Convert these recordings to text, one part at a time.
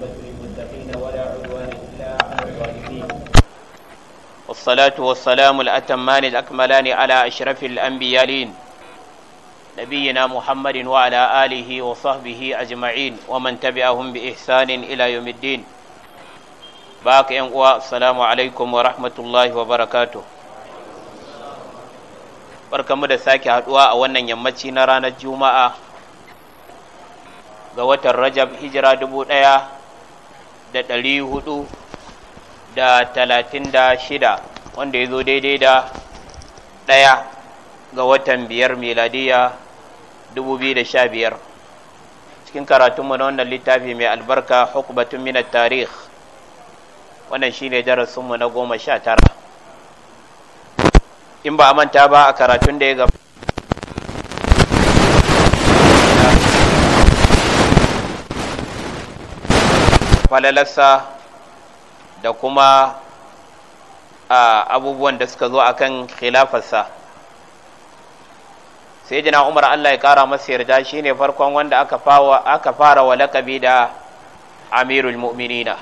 والعاقبة للمتقين ولا عدوان إلا على الظالمين والصلاة والسلام الأتمان الأكملان على أشرف الأنبيالين نبينا محمد وعلى آله وصحبه أجمعين ومن تبعهم بإحسان إلى يوم الدين باقي السلام عليكم ورحمة الله وبركاته barkamu da sake haduwa a wannan yammaci na ranar juma'a ga watan rajab hijira dubu ɗaya da ɗari hudu da talatin da shida wanda ya zo daidai da ɗaya ga watan biyar miladiya dubu biyu da sha biyar cikin karatunmu na wannan littafi mai albarka hukubatun minar tarih wannan shi ne darasinmu na goma sha tara in ba a manta ba a karatun da ya gaba. falalarsa da kuma abubuwan da suka zo a kan khilafarsa sai jina umar allah ya kara masa yarda shi ne farkon wanda aka fara wa lakabi da amirul mu'minina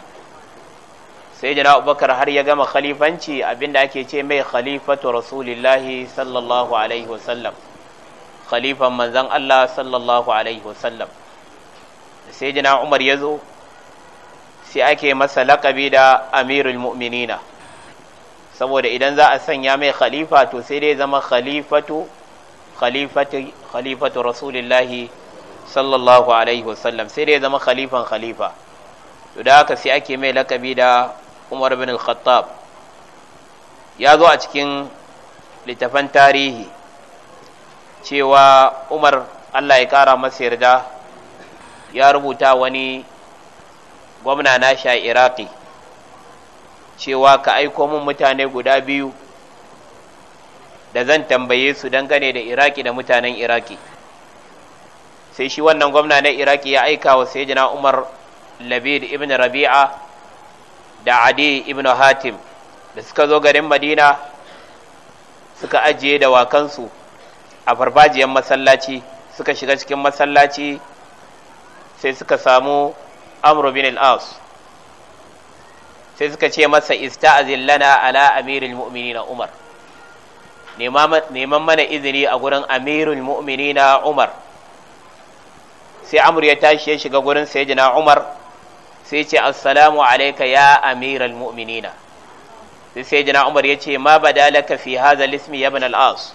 sai jina abubakar har ya gama khalifanci abinda ake ce mai khalifatu rasulillahi sallallahu alaihi wasallam khalifan manzan allah sallallahu alaihi wasallam sai jina umar ya zo sai ake masa lakabi da amirul mu'minina saboda idan za a sanya mai khalifa to sai dai zama khalifatu khalifatu khalifatu rasulullahi sallallahu alaihi wasallam sai dai zama khalifan khalifa to da haka sai ake mai lakabi da Umar bin al-Khattab ya zo a cikin littafan tarihi cewa Umar Allah ya kara masa yarda ya rubuta wani gwamna na sha iraki cewa ka aiko mun mutane guda biyu da zan tambaye su dangane da iraki da mutanen iraki sai shi wannan gwamna na iraki ya aika wa sayyidina umar labid ibn rabi'a da adi ibn hatim da suka zo garin madina suka ajiye da wakansu a farfajiyar masallaci suka shiga cikin masallaci sai suka samu amru bin al sai suka ce masa ista lana ala amirul mu'minina umar neman mana izini a gurin amirul mu'minina umar sai amur ya tashi ya shiga gurin sayyidina umar sai ce assalamu alayka ya amirul mu'minina sai sayyidina umar ya ce ma badalaka fi hadha ismi ya ibn al-as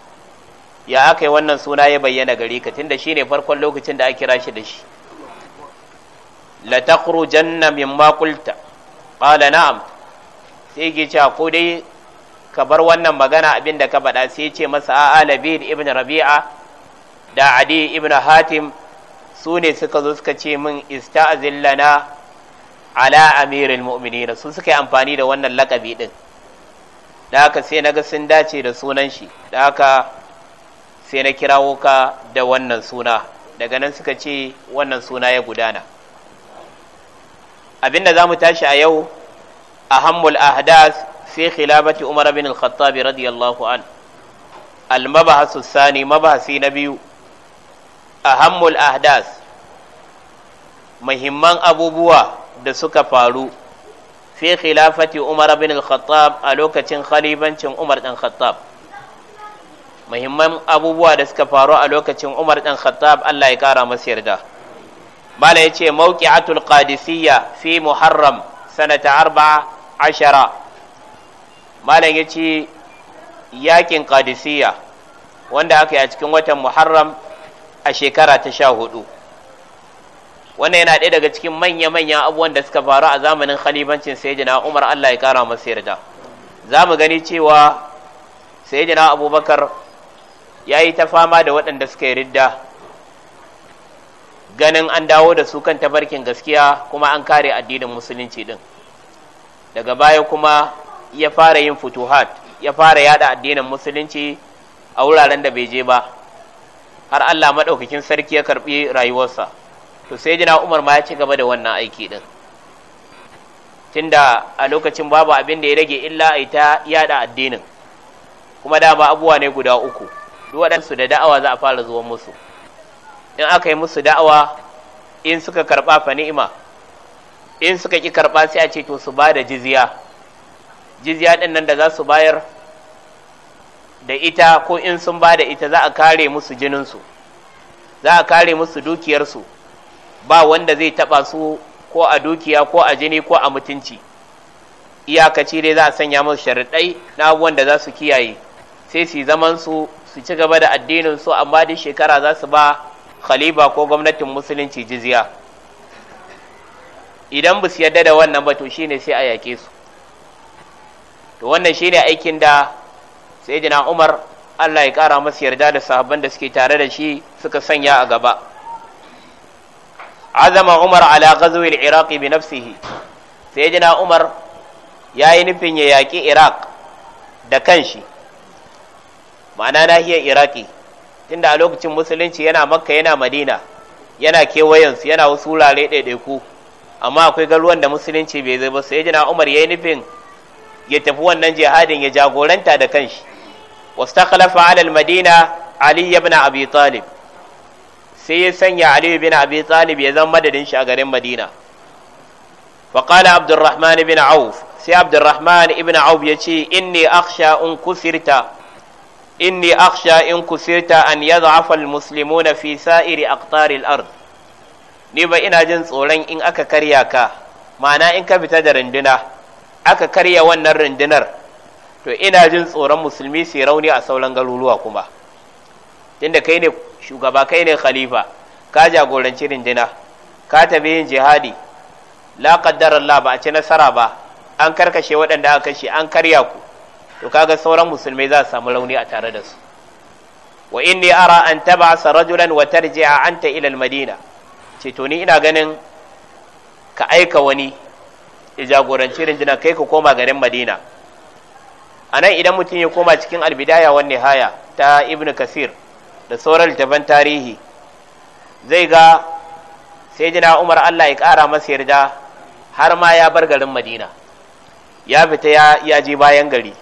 ya akai wannan suna ya bayyana gare ka tunda ne farkon lokacin da aka kira shi da shi latakhrujanna mimma qulta qala na'am sai yake cewa ko dai ka bar wannan magana abin da ka faɗa sai ce masa a'a labid ibn rabi'a da adi ibn hatim su ne suka zo suka ce min ista'zil lana ala amiril mu'minin su suka yi amfani da wannan lakabi din da haka sai naga sun dace da sunan shi da haka sai na kirawo ka da wannan suna daga nan suka ce wannan suna ya gudana abinda za mu tashi a yau a hammul ahdath fi khilafati umar bin al-khattab radiyallahu an al-mabahasu sani mabahasi na biyu a hammul ahdath muhimman abubuwa da suka faru fi khilafati umar bin al-khattab a lokacin khalibancin umar dan khattab muhimman abubuwa da suka faru a lokacin umar dan khattab Allah ya kara masa yarda mala ya ce Atul qadisiyya fi muharram sanata arba ashara mala ya ce yakin qadisiyya wanda aka yi a cikin watan muharram a shekara ta sha hudu wannan yana ɗaya daga cikin manya-manyan abubuwan da suka faru a zamanin khalifancin sayyidina umar allah ya kara masu yarda za mu gani cewa sayyidina abubakar ya yi ta fama da waɗanda suka yi ridda ganin an dawo da su kan tabarkin gaskiya kuma an kare addinin musulunci din daga baya kuma ya fara yin futuhat ya fara yada addinin musulunci a wuraren da bai je ba har Allah maɗaukakin sarki ya karɓi rayuwarsa to sai jina Umar ma ya ci gaba da wannan aiki din tunda a lokacin babu abin da ya rage illa a ta yada addinin kuma dama abubuwa ne guda uku duk waɗansu da da'awa za a fara zuwa musu in aka yi musu da'awa in suka karɓa fa ni'ima in suka ki karɓa, sai a ce to su ba da jizya jizya ɗin nan da za su bayar da ita ko in sun ba da ita za a kare musu jininsu za a kare musu dukiyarsu ba wanda zai taɓa su ko a dukiya ko a jini ko a mutunci iyakaci dai za a sanya musu sharaɗai na abubuwan da za su kiyaye sai su zaman su su ci gaba da addinin su amma duk shekara za su ba Khaliba ko gwamnatin musulunci jizya idan ba su yarda da wannan ba to shine sai a yake su to wannan shine aikin da jina Umar Allah ya kara masa yarda da sahabban da suke tare da shi suka sanya a gaba azama Umar ala ghazwi al-Iraq bi nafsihi jina Umar yayi nufin ya yaki Iraq da kanshi ma'ana nahiyar Iraki tunda a lokacin musulunci yana makka yana madina yana kewayensu yana wasu wurare ɗaiɗaiku amma akwai garuwan da musulunci bai zai ba sai jina umar ya yi nufin ya tafi wannan jihadin ya jagoranta da kanshi wasu takalafa alal madina ali bin abi talib sai ya sanya ali bin abi talib ya zama madadin shi a garin madina faƙala abdurrahman ibn auf sai abdurrahman ibn auf ya ce يتي إني in أن inni akhsha in kusirta an yadhafa almuslimuna fi sa'iri aqtaril ard ni ba ina jin tsoron in aka karya ka ma'ana in ka fita da rinduna, aka karya wannan rundunar to ina jin tsoron musulmi sai rauni a sauran garuruwa kuma tunda kai ne shugaba kai ne khalifa ka jagoranci rinduna, ka tabi yin jihadi la qaddara Allah ba a ci nasara ba an karkashe waɗanda aka kashe an karya ku to kaga sauran musulmai za su samu rauni a tare da su wa inni ara an sa rajulan wa tarji'a anta ila al-madina ce to ni ina ganin ka aika wani ya jagoranci rinjina kai ka koma garin madina anan idan mutum ya koma cikin albidaya wan nihaya ta ibn kasir da sauran littafan tarihi zai ga sai jina umar allah ya kara masa yarda har ma ya bar garin madina ya fita ya je bayan gari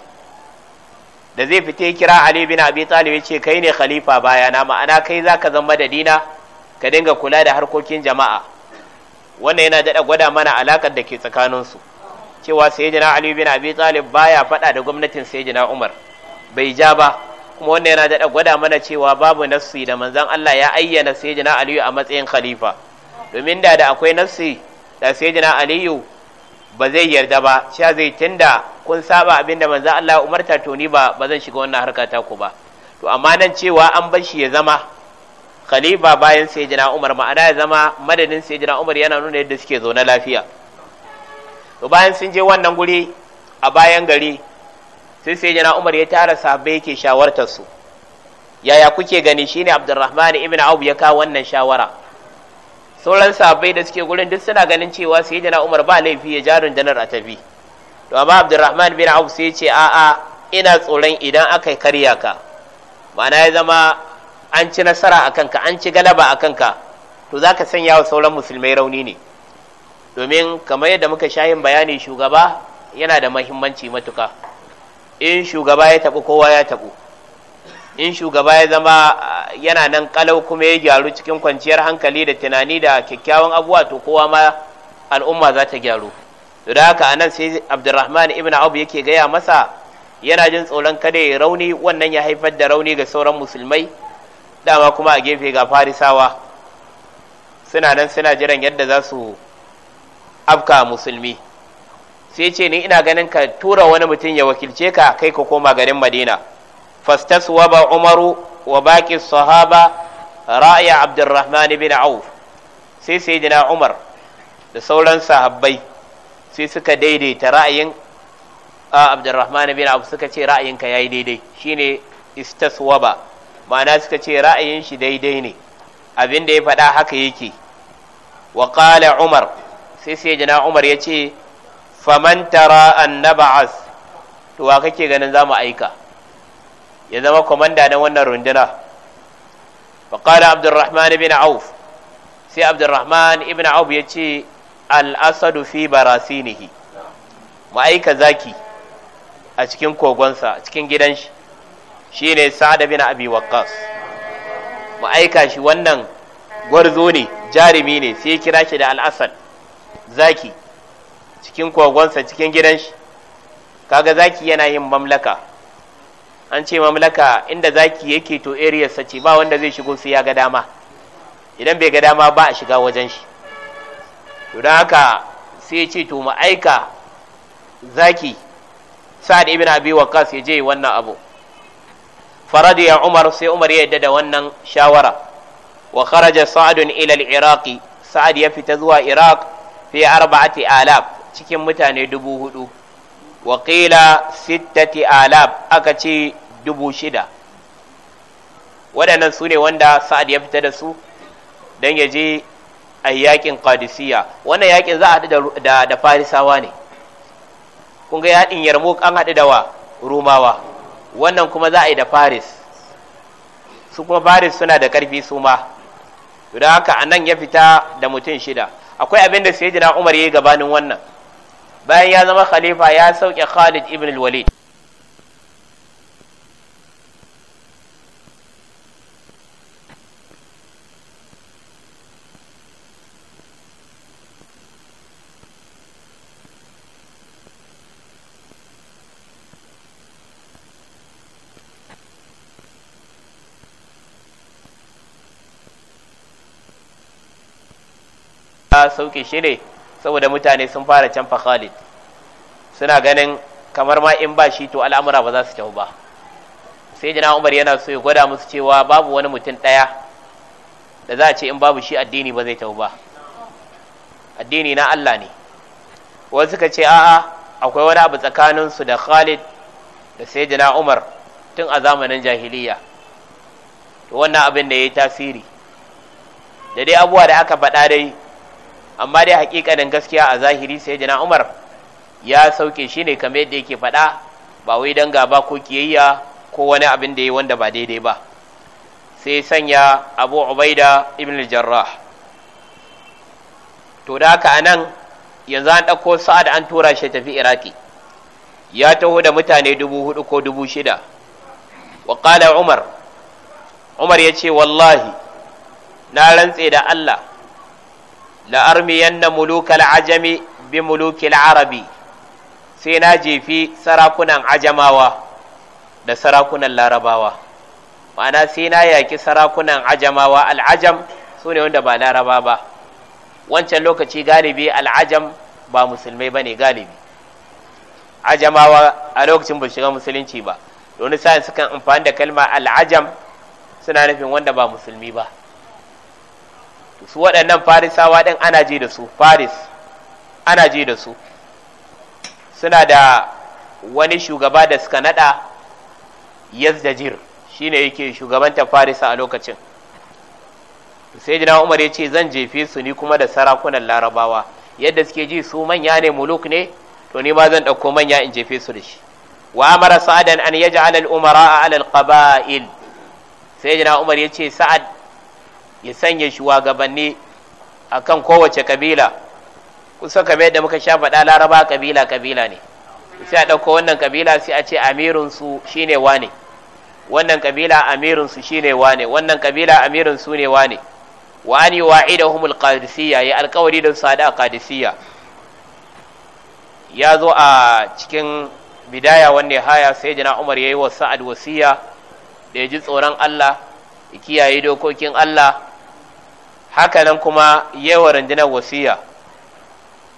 da zai fita ya kira Ali bin Abi Talib ya ce kai ne khalifa baya na ma'ana kai za ka zama da dina ka dinga kula da harkokin jama'a wannan yana daɗa gwada mana alakar da ke tsakaninsu cewa sayyidina Ali bin Abi Talib baya faɗa da gwamnatin sayyidina Umar bai ja ba kuma wannan yana daɗa gwada mana cewa babu nafsi da manzon Allah ya ayyana sayyidina Ali a matsayin khalifa domin da da akwai nafsi da sayyidina aliyu ba zai yarda ba sha zai tunda kun saba abin da manzo Allah umarta to ni ba ba zan shiga wannan harka ta ku ba to amma nan cewa an bar shi ya zama khalifa bayan sayyidina Umar ma'ana ya zama madadin sayyidina Umar yana nuna yadda suke zaune lafiya to bayan sun je wannan guri a bayan gari sai sayyidina Umar ya tara sahabbai yake shawartar su yaya kuke gani shine Abdurrahman ibn Auf ya kawo wannan shawara sauran sabai da suke gurin duk suna ganin cewa sai na Umar ba laifi ya ja rundunar a tafi to amma Abdurrahman bin abu sai ce a'a ina tsoron idan aka karya ka ma'ana ya zama an ci nasara a kanka, an ci galaba a kanka, to zaka sanya wa sauran musulmai rauni ne domin kamar yadda muka shayin bayani shugaba yana da mahimmanci matuka in shugaba ya taɓu kowa ya taɓu in shugaba ya zama ah, yana nan kalau kuma ya gyaru cikin kwanciyar hankali da tunani da kyakkyawan abuwa to kowa ma al'umma za ta gyaru to da haka anan sai abdurrahman ibn abu yake gaya masa yana jin tsoron kada ya rauni wannan ya haifar da rauni ga sauran musulmai dama kuma a gefe ga farisawa suna nan suna jiran yadda za su afka musulmi sai ce ni ina ganin ka tura wani mutum ya wakilce ka kai ka koma garin madina فاستصوب عمر وباقي الصحابة رأي عبد الرحمن bin عوف sai sayyidina Umar da sauran sahabbai sai suka daidaita ra'ayin Abdurrahman bin Auf suka ce ra'ayinka yayi daidai shine istaswaba ma'ana suka ce ra'ayin shi daidai ne abin da ya faɗa haka yake wa qala Umar sai sayyidina Umar ya ce faman tara an to wa kake ganin zamu aika ya zama komanda na wannan runduna faƙala abdurrahman ibn auf sai abdurrahman ibn auf ya ce al'asadu fi barasinihi ma'aika zaki a cikin kogonsa cikin gidan shi shi ne sa'ad bin abi waqqas ma'aika shi wannan gwarzo ne jarumi ne sai kira shi da al'asad zaki cikin kogonsa cikin gidan shi kaga zaki yana yin mamlaka an ce mamlaka inda zaki yake to area sace ba wanda zai shigo sai ya ga dama idan bai ga dama ba a shiga wajen shi to dan haka sai ya ce to mu aika zaki sa'ad ibn abi waqas ya je wannan abu faradi ya umar sai umar ya yadda da wannan shawara wa kharaja sa'adun ila al-iraqi sa'ad ya fita zuwa iraq fi arba'ati alaf cikin mutane dubu hudu wa qila sittati alaf aka ce dubu shida waɗannan su ne wanda sa'ad ya fita da su don ya je a yakin kadisiya wannan yakin za a haɗu da, farisawa ne kun ga yaɗin Yarmuk an haɗu da wa rumawa wannan kuma za a yi da faris su kuma faris suna da ƙarfi su ma da haka a nan ya fita da mutum shida akwai abin da sai umar ya yi gabanin wannan bayan ya zama khalifa ya sauke khalid ibn al-walid sauke shi ne saboda mutane sun fara canfa Khalid suna ganin kamar ma in ba shi to al'amura ba za su tafi ba sai jina Umar yana so ya gwada musu cewa babu wani mutum ɗaya da za a ce in babu shi addini ba zai tafi ba addini na Allah ne wasu suka ce a'a akwai wani abu tsakanin su da Khalid da sai jina Umar tun a zamanin jahiliya wannan abin da ya yi tasiri da dai abubuwa da aka faɗa dai amma dai hakikanin gaskiya a zahiri sai jana umar ya sauke shi ne kamar yadda yake faɗa ba wai don gaba ko kiyayya ko wani abin da ya wanda ba daidai ba sai sanya abu ubaida ibn jarrah to da haka anan yanzu an ɗauko sa'ad an tura shi tafi iraki ya taho da mutane dubu hudu ko dubu shida wa umar umar ya ce wallahi na rantse da allah la'armiyanna mulukal ajami bi mulukil arabi sai na jefi sarakunan ajamawa da sarakunan larabawa ma'ana sai na yaki sarakunan ajamawa al'ajam su ne wanda ba laraba ba wancan lokaci galibi al'ajam ba musulmai ba ne galibi ajamawa a lokacin ba shiga musulunci ba domin sa'in sukan amfani da kalma al'ajam suna nufin wanda ba musulmi ba su waɗannan farisawa ɗin ana je da su faris ana je da su suna da wani shugaba da suka naɗa yazdajir shi ne yake shugabantar farisa a lokacin sai jina umar ya ce zan jefe su ni kuma da sarakunan larabawa yadda suke ji su manya ne muluk ne to ni ma zan ɗauko manya in jefe su da shi wa amara sa'adan an yaji alal umara a alal qabail sai jina umar ya ce sa'ad ya sanya shugabanni a kan kowace kabila kusa kamar yadda muka sha faɗa laraba kabila kabila ne sai a ɗauko wannan kabila sai a ce amirinsu shi wa wane wannan kabila amirinsu shi wa wane wannan kabila amirinsu ne wane wa an yi humul alqadisiyya ya alkawari da su haɗa qadisiyya ya zo a cikin bidaya wanne haya sai jana umar yi wa sa'ad wasiya da ya ji tsoron Allah ya kiyaye dokokin Allah hakanan kuma yawa rundunar wasiya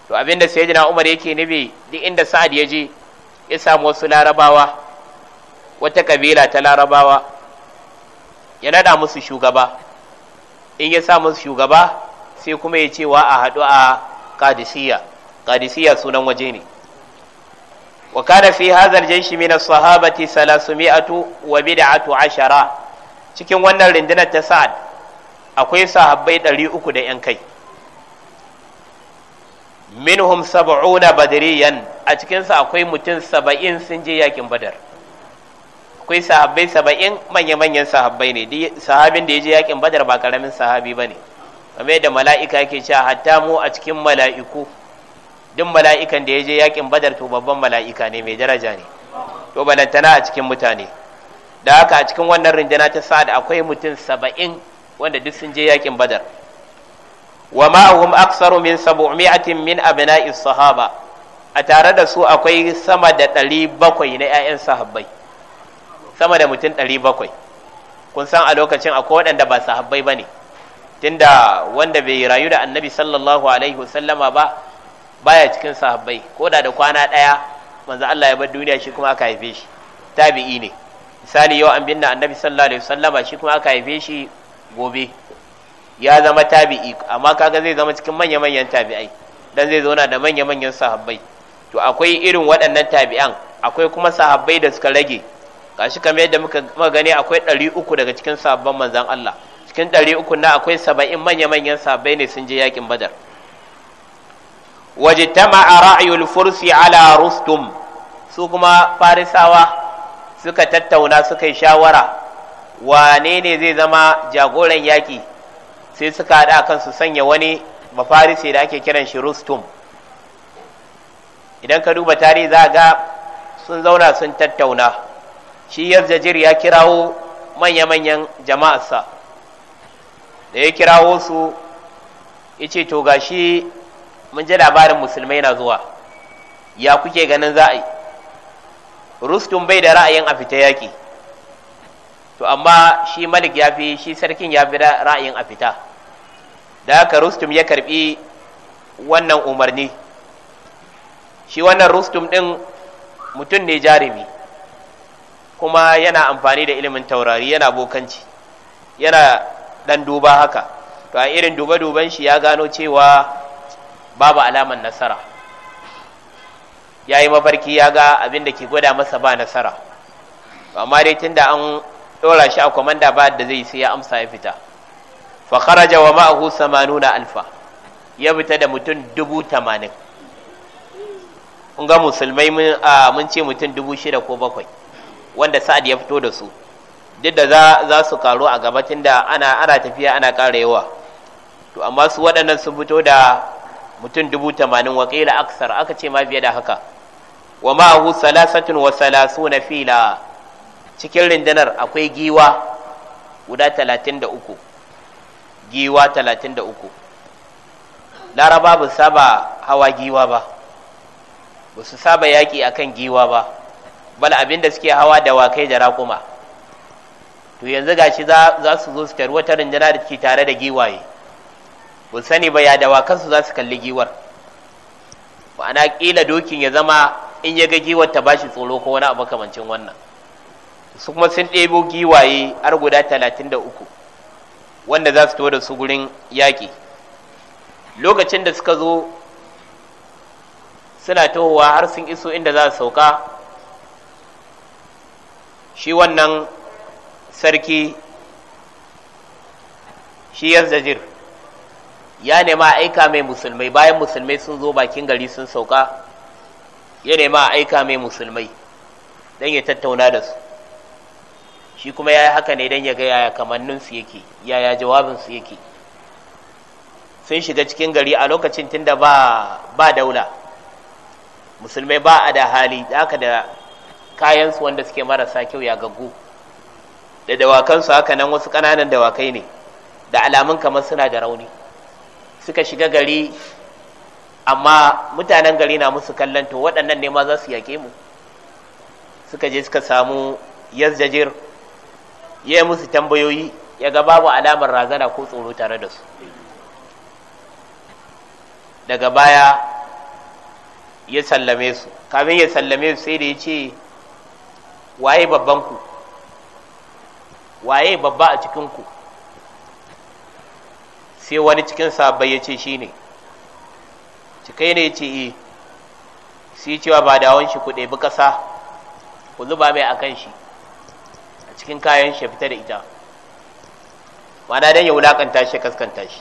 to abinda sayyidina Umar yake nufi duk inda Sa'ad ya je ya samu wasu larabawa wata kabila ta larabawa ya nada musu shugaba in ya sa musu shugaba sai kuma ya ce wa a haɗu a kadisiya kadisiya sunan waje ne wa kana fi hazar jayshi min as-sahabati 300 wa atu ashara cikin wannan rundunar ta Sa'ad akwai sahabbai ɗari uku da ‘yan kai minhum Saba'una badiriyan a cikinsa akwai mutum saba'in sun je yakin badar akwai sahabbai saba'in manya-manyan sahabbai ne sahabin da ya je yakin badar ba karamin sahabi ba ne kamar da mala'ika yake cewa hatta mu a cikin mala'iku duk mala'ikan da ya je yakin badar to babban mala'ika ne mai daraja ne to balantana a cikin mutane da haka a cikin wannan rinjana ta sa'ad akwai mutum saba'in wanda duk sun je yakin badar wa ma'ahum aksaru min sab'mi'atin min abna'i sahaba a tare da su akwai sama da ɗari bakwai na ƴaƴan sahabbai sama da mutum ɗari bakwai kun san a lokacin akwai waɗanda ba sahabbai ba ne tunda wanda bai rayu da annabi sallallahu alaihi wasallama ba baya cikin sahabbai ko da da kwana ɗaya manzo Allah ya bar duniya shi kuma aka haife shi tabi'i ne misali yau an binne annabi sallallahu alaihi wasallama shi kuma aka haife shi gobe ya zama tabi'i amma kaga zai zama cikin manya-manyan tabi'ai dan zai zauna da manya-manyan sahabbai to akwai irin waɗannan tabi'an akwai kuma sahabbai da suka rage gashi kamar yadda muka gani akwai ɗari uku daga cikin sahabban manzan Allah cikin ɗari uku na akwai saba'in manya-manyan sahabbai ne sun je yakin badar a ra'ayul fursi ala rustum su kuma farisawa suka tattauna suka yi shawara wane ne zai zama jagoran yaƙi sai suka haɗa kan su sanya wani mafarisi da ake kiran shi rustum idan ka duba tarihi za ga sun zauna sun tattauna shi yazjajir ya kirawo manya-manyan jama'arsa da ya kirawo su ya ce to gashi mun ji labarin musulmai na zuwa ya kuke ganin za yi rustum bai da ra'ayin a fita yaƙi to amma shi malik ya fi shi sarkin ya fi ra'ayin a fita da haka rustum ya karbi wannan umarni shi wannan rustum din mutum ne jarumi kuma yana amfani da ilimin taurari yana bokanci yana dan duba haka to a irin duba-duban shi ya gano cewa babu alaman nasara ya yi mafarki ya ga abin da ke gwada masa ba nasara amma dai tunda an dora shi a komanda ba da zai sai ya amsa ya fita fa kharaja wa ma'ahu 80 alfa ya fita da mutum 80 tamanin. musulmai mun mun ce mutum dubu shida ko bakwai wanda sa'ad ya fito da su duk da za su karo a gaba tunda ana tafiya ana ƙara yawa to amma su waɗannan sun fito da mutum dubu 80 wakila aksar aka ce ma fiye da haka wa ma'ahu salasatun wa na fila cikin rundunar akwai giwa guda talatin da uku giwa talatin da uku laraba ba saba hawa giwa ba ba su saba yaƙi akan giwa ba bala abin da suke hawa da wakai da raƙuma to yanzu gashi za su zo su tarwata ta da ke tare da giwaye ba sani ba ya dawakansu za su kalli giwar Ba ma'ana ƙila dokin ya zama in ya ga giwar ta bashi tsoro ko wani abu kamancin wannan su kuma sun ɗebo giwaye har guda talatin da uku wanda za su da su gurin yaƙi lokacin da suka zo suna tahowa har sun iso inda za su sauka shi wannan sarki shi jir, ya nema aika mai musulmai bayan musulmai sun zo bakin gari sun sauka ya nema aika mai musulmai don ya tattauna da su shi kuma ya yi haka ne don ya ga yaya kamanninsu yake yaya jawabinsu yake sun shiga cikin gari a lokacin tunda ba ba daula musulmai ba a da hali haka da kayansu wanda suke marasa kyau ya gaggu da dawakansu haka nan wasu kananan dawakai ne da alamun kamar suna da rauni suka shiga gari amma mutanen gari na musu kallon to waɗannan ne ma za su yaƙe mu suka je suka samu yazjajir ya yi musu tambayoyi ya ga babu alamar razana ko tsoro tare da su daga baya ya sallame su kamin ya sallame su sai da ya ce waye babbanku waye babba a cikinku sai wani cikin sabai ya ce shi ne cikai ne ya ce yi eh. sai cewa ba dawon shi ku ɗebi ƙasa ku zuba mai a kan shi cikin kayan shi fita da ita ma'ana dan ya wulakanta shi kaskanta shi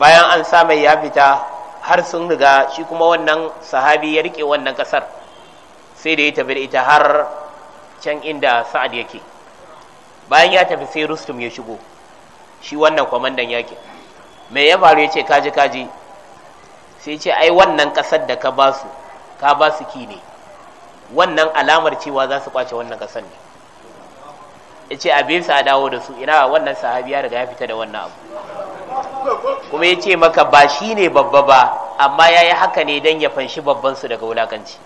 bayan an sa mai ya fita har sun riga shi kuma wannan sahabi ya rike wannan kasar sai da ya tafi da ita har can inda sa'ad yake bayan ya tafi sai rustum ya shigo shi wannan kwamandan yakin me ya faru ya ce kaji kaji sai ce ai wannan kasar da ka basu ka basu ki ne wannan alamar cewa za su kwace wannan kasar ne ya ce abin sa dawo da su ina wannan sahabi ya riga ya fita da wannan abu kuma ya ce maka ba shi ne babba ba amma ya yi haka ne don ya fanshi babbansu daga wulakanci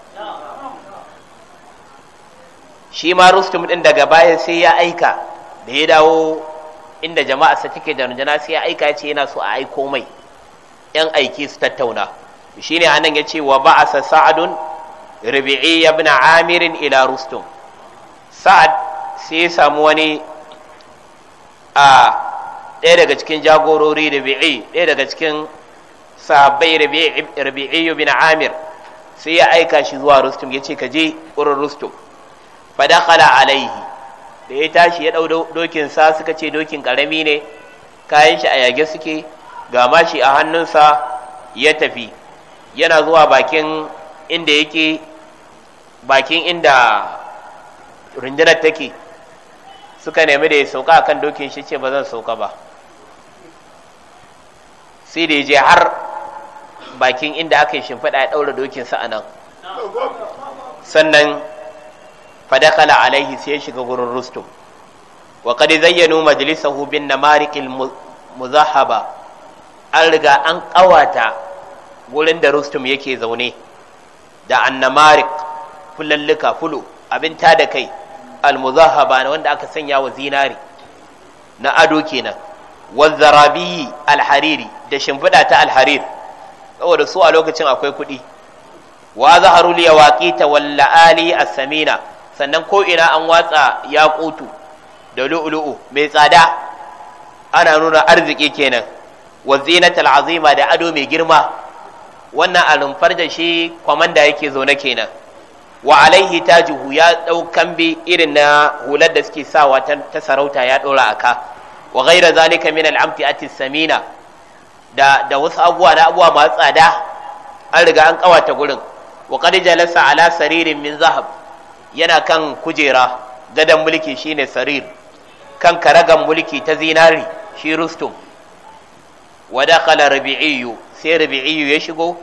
shi ma rustum ɗin daga baya sai ya aika da ya dawo inda jama'a sa take da rundunar sai ya aika ce yana so a aiko mai yan aiki su tattauna shi ne anan ya ce wa sa, sa'adun rabi'i bina amirin ila rustum sa'ad sai ya samu wani a ɗaya daga cikin jagorori da bi'i ɗaya daga cikin sahabbai rabi'i bin amir sai ya aika shi zuwa rustum ya ce ka je wurin rustum kala alaihi da ya tashi ya ɗau dokin sa suka ce dokin ƙarami ne kayan shi a yage suke ga mashi a hannunsa ya tafi yana zuwa bakin inda yake bakin inda rundunar take suka nemi da ya sauka a kan dokin shi ce ba zan sauka ba sai da ya je har bakin inda aka yi shimfiɗa ya ɗaura dokinsa a nan sannan fadakala alaihi sai ya shiga gurin rustum wa kadi zayyano Hubin na namariqil muzahaba an riga an ƙawata gurin da rustum yake zaune da annamarik fulalluka fulu abin ta da kai almuzahaba na wanda aka sanya wa zinari na ado kenan wazzarabiyi alhariri da shimfiɗa ta alharir saboda su a lokacin akwai kuɗi wa zaharu liya waƙita walla'ali as-samina sannan ko ina an watsa yaqutu da lu'lu'u mai tsada ana nuna arziki kenan wa zinatal azima da ado mai girma wannan alumfar da shi kwamanda yake zaune kenan wa alaihi tajuhu ya daukan bi irin na hular da suke sawa ta sarauta ya dora aka wa ghaira zalika min al'amti atis samina da da wasu abuwa na abuwa masu tsada an riga an kawata gurin wa qad jalasa ala saririn min zahab yana kan kujera gadan mulki shine sarir kan karagan mulki ta zinari shi rustum wa dakhala rabi'iyyu sai rabi'iyyu ya shigo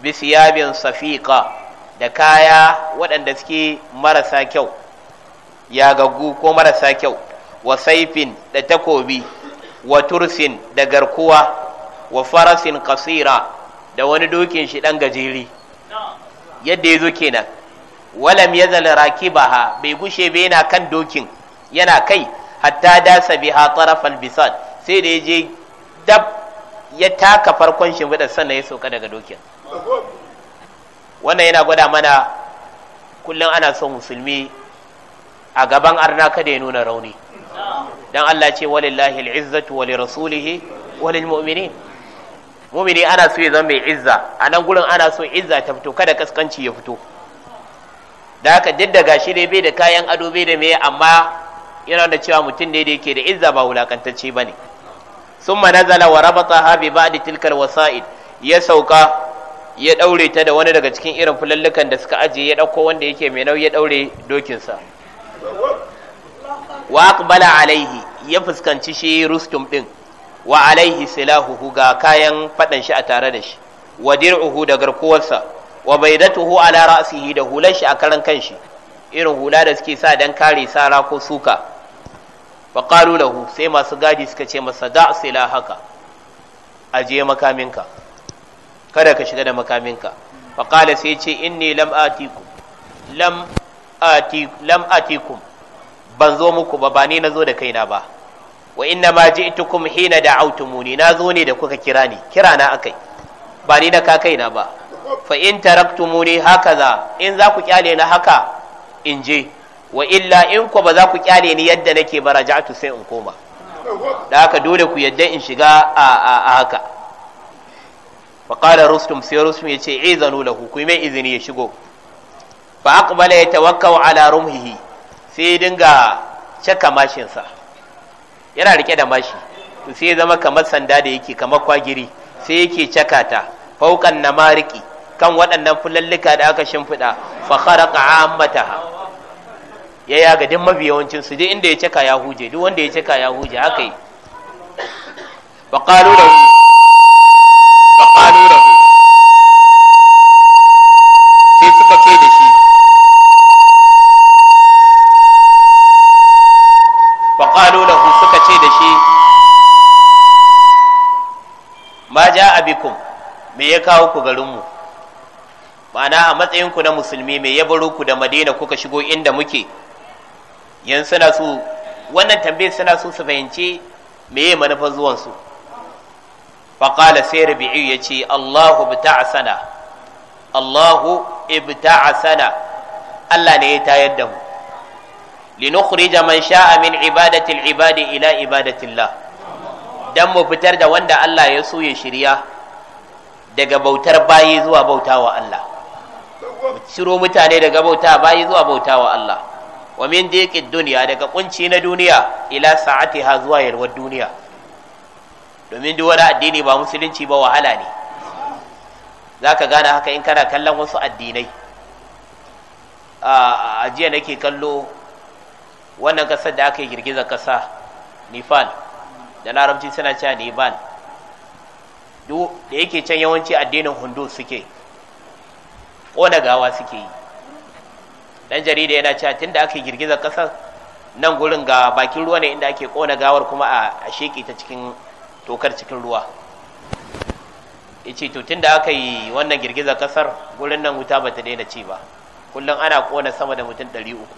bi siyabin safiqa da kaya waɗanda suke marasa kyau ya gagu ko marasa kyau wa saifin da takobi wa tursin da garkuwa wa farasin kasira da wani dokin shi ɗan gajeri yadda ya zo kenan walam ya zala baha, bai gushe bai yana kan dokin yana kai hatta dasa ha tarafal bisad sai da ya je dab ya taka farkon shi sannan ya sauka daga dokin wannan yana gwada mana kullum ana son musulmi a gaban arna kada ya nuna rauni dan Allah ce walillahi al'izzatu wa rasulihi wa lilmu'minin mu'mini ana so ya zama mai izza a nan gurin ana so izza ta fito kada kaskanci ya fito da haka duk da gashi dai bai da kayan ado bai da mai amma yana da cewa mutum ne da yake da izza ba wulakantacce bane summa nazala wa ha bi ba'di tilkal wasa'id ya sauka ya ɗaure ta da wani daga cikin irin fulallukan da suka ajiye ya ɗauko wanda yake mai nauyi ya daure dokinsa wa aqbala alaihi ya fuskanci shi rustum din wa alaihi silahuhu ga kayan fadan shi a tare da shi wa dir'uhu da garkuwarsa wa baidatuhu ala ra'sihi da hular shi a karan kanshi irin hula da suke sa dan kare sara ko suka fa qalu lahu sai masu gadi suka ce masa da silahaka Ajiye makaminka kada ka shiga da makaminka fa qala sai ce inni lam atikum lam ati lam atikum ban zo muku ba ba ni nazo da kaina ba wa inna ma ji'tukum hina da'awtumuni nazo ne da kuka kira ni kira na akai ba ni na ka kaina ba fa in taraktumuni hakaza in za ku kyale na haka in je wa illa in ku ba za ku kyale ni yadda nake ba raja'tu sai in koma da haka dole ku yadda in shiga a haka fa rustum sai rustum ce izanu lahu ku mai izini ya shigo fa aqbala yatawakkau ala rumhihi sai dinga caka mashinsa, yana rike da mashi sai zama kamar sanda da yake kamar kwagiri sai yake caka ta faukan namariki kan waɗannan fulallika da aka shimfiɗa fa kharaqa ammataha ya yaga duk mabiyawancin su duk inda ya caka ya huje duk wanda ya caka ya huje haka yi da ku suka ce da shi ma ja abikum me ya kawo ku garinmu? ma'ana a matsayin ku na musulmi mai ya baro ku da Madina kuka shigo inda muke yan suna su wannan tambayar suna so su fahimci me ya manufar zuwan su sai rabi'u ya ce, Allahu bita'asana Allahu sana Allah ne ya tayar da mu linukhrija man sha amin ibadati al ila ibadati Allah dan mu fitar da wanda Allah ya so ya shirya daga bautar bayi zuwa bautawa Allah ciro mutane daga bauta bayi zuwa bautawa Allah wa min diqid dunya daga kunci na duniya ila sa'atiha zuwa yalwar duniya domin duk addini ba musulunci ba wahala ne za ka gane haka in kana kallon wasu addinai a jiya nake kallo wannan kasar da aka yi girgizar kasa nifal da larabci suna cewa nifal da yake can yawanci addinin hundu suke ƙona gawa suke yi ɗan jarida yana cewa tun da aka yi girgizar kasar nan gurin ga bakin ruwa ne inda ake kona gawar kuma a sheƙi ta cikin tokar cikin ruwa ya ce to tun da aka yi wannan girgizar kasar gurin nan wuta ba ta daina ci ba kullum ana ƙona sama da mutum ɗari uku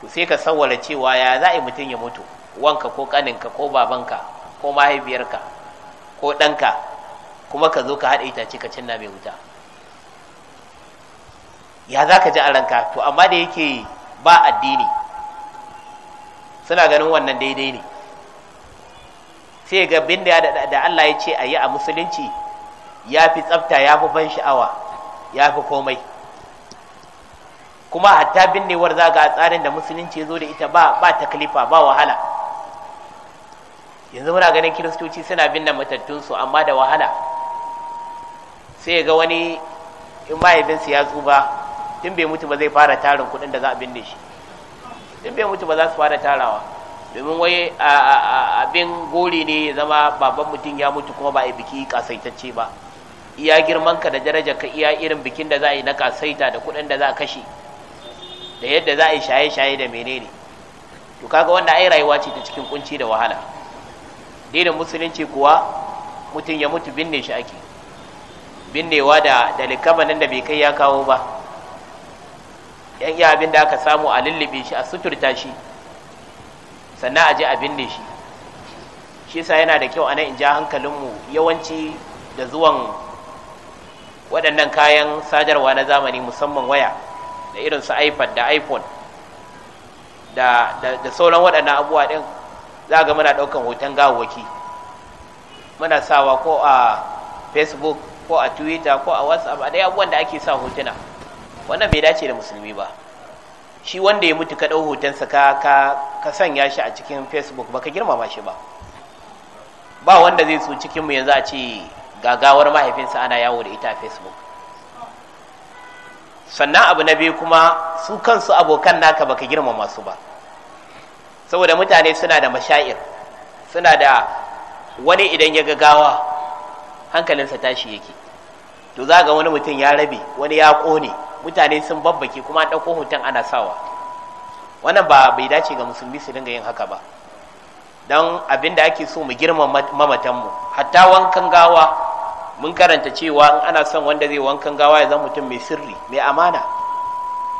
to sai ka sawwala cewa ya za a mutum ya mutu wanka ko kaninka ko babanka ko mahaifiyarka ko ɗanka kuma ka zo ka haɗa itace ka na mai wuta ya za ka ji a ranka to amma da yake ba addini suna ganin wannan daidai ne sai ga bin da Allah ya ce a yi a musulunci ya fi tsafta ya fi ban sha'awa ya fi komai kuma hatta binnewar za ga tsarin da musulunci ya zo da ita ba ba taklifa ba wahala yanzu muna ganin kiristoci suna binne matattunsu amma da wahala sai ga wani in mahaifinsu ya tsuba, tun bai mutu ba zai fara tarin kuɗin da za a binne shi tun bai mutu ba za su fara tarawa domin wai abin gori ne ya zama babban mutum ya mutu kuma ba a biki kasaitacce ba iya girman ka da darajarka iya irin bikin da za a yi na kasaita da kuɗin da za a kashe da yadda za a yi shaye-shaye da menene to kaga wannan ai rayuwa ce ta cikin kunci da wahala dinin musulunci kuwa mutum ya mutu binne shi ake binnewa da da likamanin da bai kai ya kawo ba yan iya abin da aka samu a lullube shi a suturta shi sannan a je a binne shi shi yasa yana da kyau anan in ja hankalinmu yawanci da zuwan waɗannan kayan sadarwa na zamani musamman waya da irin su ipad da iphone da, da, sauran waɗannan abuwa ɗin za ga muna ɗaukan hoton gawawaki muna sawa ko a facebook ko a twitter ko a whatsapp a dai da ake sa hotuna wannan bai dace da musulmi ba shi wanda ya mutu ka ɗau hotonsa ka, ka, ka sanya shi a cikin facebook ba ka girmama shi ba ba wanda zai so cikinmu yanzu a ce gagawar mahaifinsa ana yawo da ita a facebook sannan abu na biyu kuma su kansu abokan naka baka girma masu ba saboda mutane suna da mashair suna da wani idan ya gagawa hankalinsa tashi yake to za ga wani mutum ya rabe wani ya ƙone mutane sun babbake kuma ɗauko hoton ana sawa wannan ba bai dace ga musulmi su dinga yin haka ba don abin da ake so mu girmama mamatanmu hatta wankan gawa mun karanta cewa in ana son wanda zai wankan gawa ya zama mutum mai sirri mai amana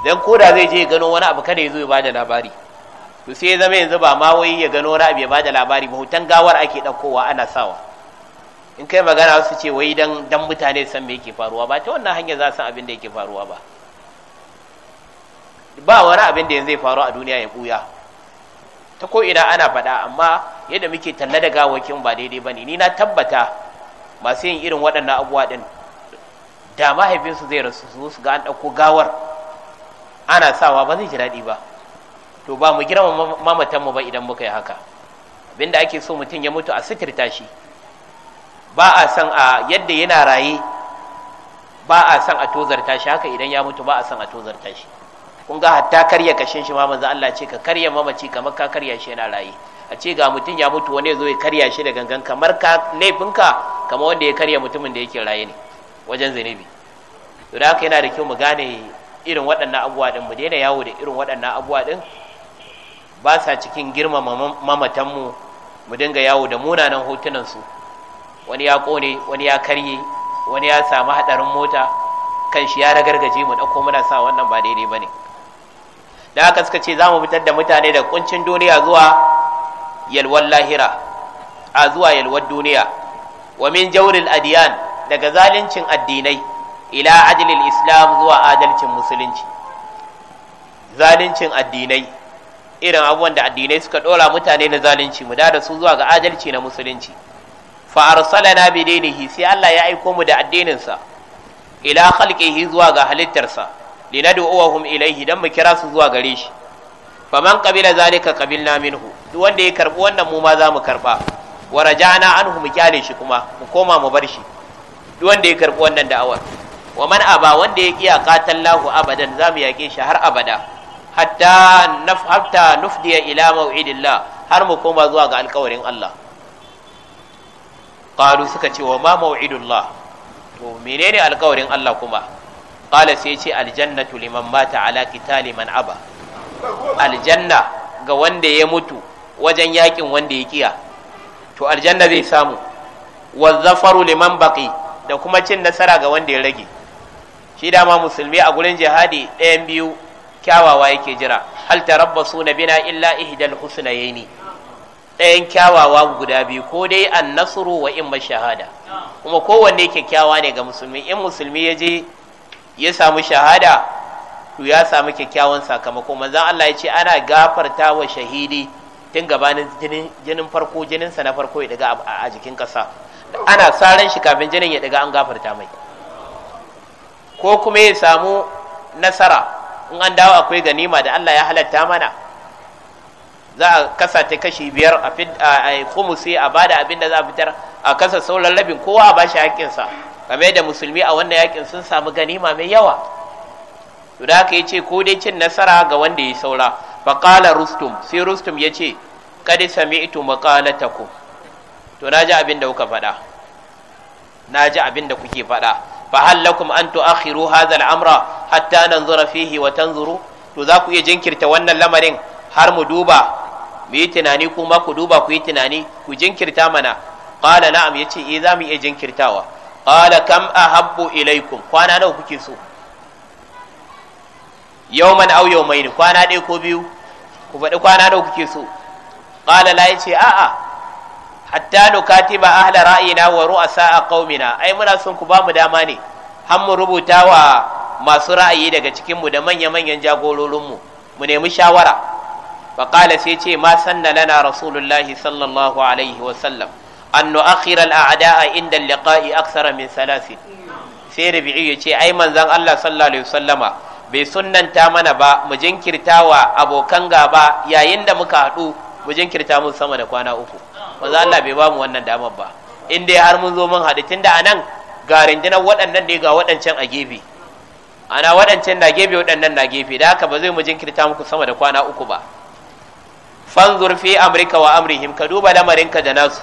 dan koda zai je ya gano wani abu kada ya zo ya bada labari to sai ya zama yanzu ba ma wai ya gano wani abu ya bada labari ba hutan gawar ake ɗaukowa ana sawa in kai magana su ce wai dan dan mutane san me yake faruwa ba ta wannan hanya za su san abin da yake faruwa ba ba wani abin da yanzu zai faru a duniya ya buya ta ko ina ana faɗa amma yadda muke talla da gawakin ba daidai ba ne ni na tabbata masu yin irin waɗannan abuwa ɗin da mahaifinsu zai rasu su su ga an ɗauko gawar ana sawa ba zai ji daɗi ba to ba mu girma mamatanmu ba idan muka yi haka abinda ake so mutum ya mutu a sitirta shi ba a san a yadda yana raye ba a san a tozarta shi haka idan ya mutu ba a san a tozarta shi kun ga hatta karya kashin shi ma manzo Allah ce ka karya mamaci kamar ka karya shi yana raye a ce ga mutum ya mutu wani zo ya karya shi da gangan kamar ka laifinka kamar wanda ya karya mutumin da yake raye ne wajen zunubi to da haka yana da kyau mu gane irin waɗannan abubuwa din mu daina yawo da irin waɗannan abubuwa din ba sa cikin girmama mamatanmu mu dinga yawo da munanan hotunan su wani ya kone wani ya karye wani ya samu hadarin mota kan shi ya ragargaje mu dauko muna sa wannan ba daidai bane da haka suka ce za mu fitar da mutane da kuncin duniya zuwa yalwar lahira a zuwa yalwar duniya wa min jawril adiyan daga zalincin addinai ila adilil islam zuwa adalcin musulunci zalincin addinai irin abubuwan da addinai suka dora mutane na zalunci mu da su zuwa ga adalci na musulunci fa na bi dinihi sai Allah ya aiko mu da addinin sa ila khalqihi zuwa ga halittarsa linad'uwahum ilayhi dan mu kira su zuwa gare shi faman kabila zalika qabilna minhu duk wanda ya karbi wannan mu ma zamu karba wa raja'na anhu mu kyale shi kuma mu koma mu bar shi duk wanda ya karbi wannan da'awar wa man aba wanda ya kiya qatallahu abadan zamu yake shi har abada hatta naf hatta nufdiya ila maw'idillah har mu koma zuwa ga alƙawarin Allah qalu suka ce wa ma maw'idullah to menene alƙawarin Allah kuma qala sai ce aljannatu liman mata ala qitali man aba aljanna ga wanda ya mutu wajen yakin wanda ya kiya to aljanna zai samu zafaru liman baqi da kuma cin nasara ga wanda ya rage shi dama musulmi a gurin jihadi ɗayan biyu kyawawa yake jira hal tarabbasu na bina illa ihdal husnayni ɗayan kyawawa guda biyu ko dai annasru wa imma shahada kuma kowanne kyakkyawa ne ga musulmi in musulmi ya je ya samu shahada to ya samu kyakkyawan sakamako manzan Allah ya ce ana gafarta wa shahidi tun gabanin jinin farko jininsa na farko ya daga a jikin ƙasa ana saran shi kafin jinin ya daga an gafarta mai ko kuma ya samu nasara in an dawo akwai ganima da Allah ya halatta mana za a kasa ta kashi biyar a kumusi a bada abin da za a fitar a kasa sauran rabin kowa a bashi haƙƙinsa game da musulmi a wannan yaƙin sun samu ganima mai yawa to da haka ce ko dai cin nasara ga wanda ya saura fa qala rustum sai rustum yace kad sami'tu maqalatakum to naji abin da kuka faɗa naji abin da kuke faɗa fa hal lakum an tu'akhiru hadha al-amra hatta zura fihi wa tanzuru to za ku iya jinkirta wannan lamarin har mu duba mu yi tunani kuma ku duba ku yi tunani ku jinkirta mana qala na'am yace eh za mu iya jinkirtawa qala kam ahabbu ilaikum kwana nawa kuke so Yau yawman aw yawmain kwana ɗaya ko biyu ku faɗi kwana da kuke so Ƙalala la yace a'a hatta nukatiba ahla ra'ina wa ru'asa qaumina ai muna son ku ba mu dama ne har mu rubuta wa masu ra'ayi daga cikin mu da manya-manyan jagororin mu mu nemi shawara fa sai ce ma sanna lana rasulullahi sallallahu alaihi wa sallam an nu'akhira al inda al-liqa'i akthara min salasin sai rabi'i yace ai manzon Allah sallallahu alaihi bai sunanta mana ba mu jinkirta wa abokan gaba yayin da muka haɗu mu jinkirta mu sama da kwana uku maza Allah bai ba mu wannan damar ba in dai har mun zo mun haɗu da anan ga rundunar waɗannan ne ga waɗancan a gefe ana waɗancan na gefe waɗannan na gefe da haka ba zai mu jinkirta muku sama da kwana uku ba fanzur fi amrika wa amrihim ka duba lamarinka da nasu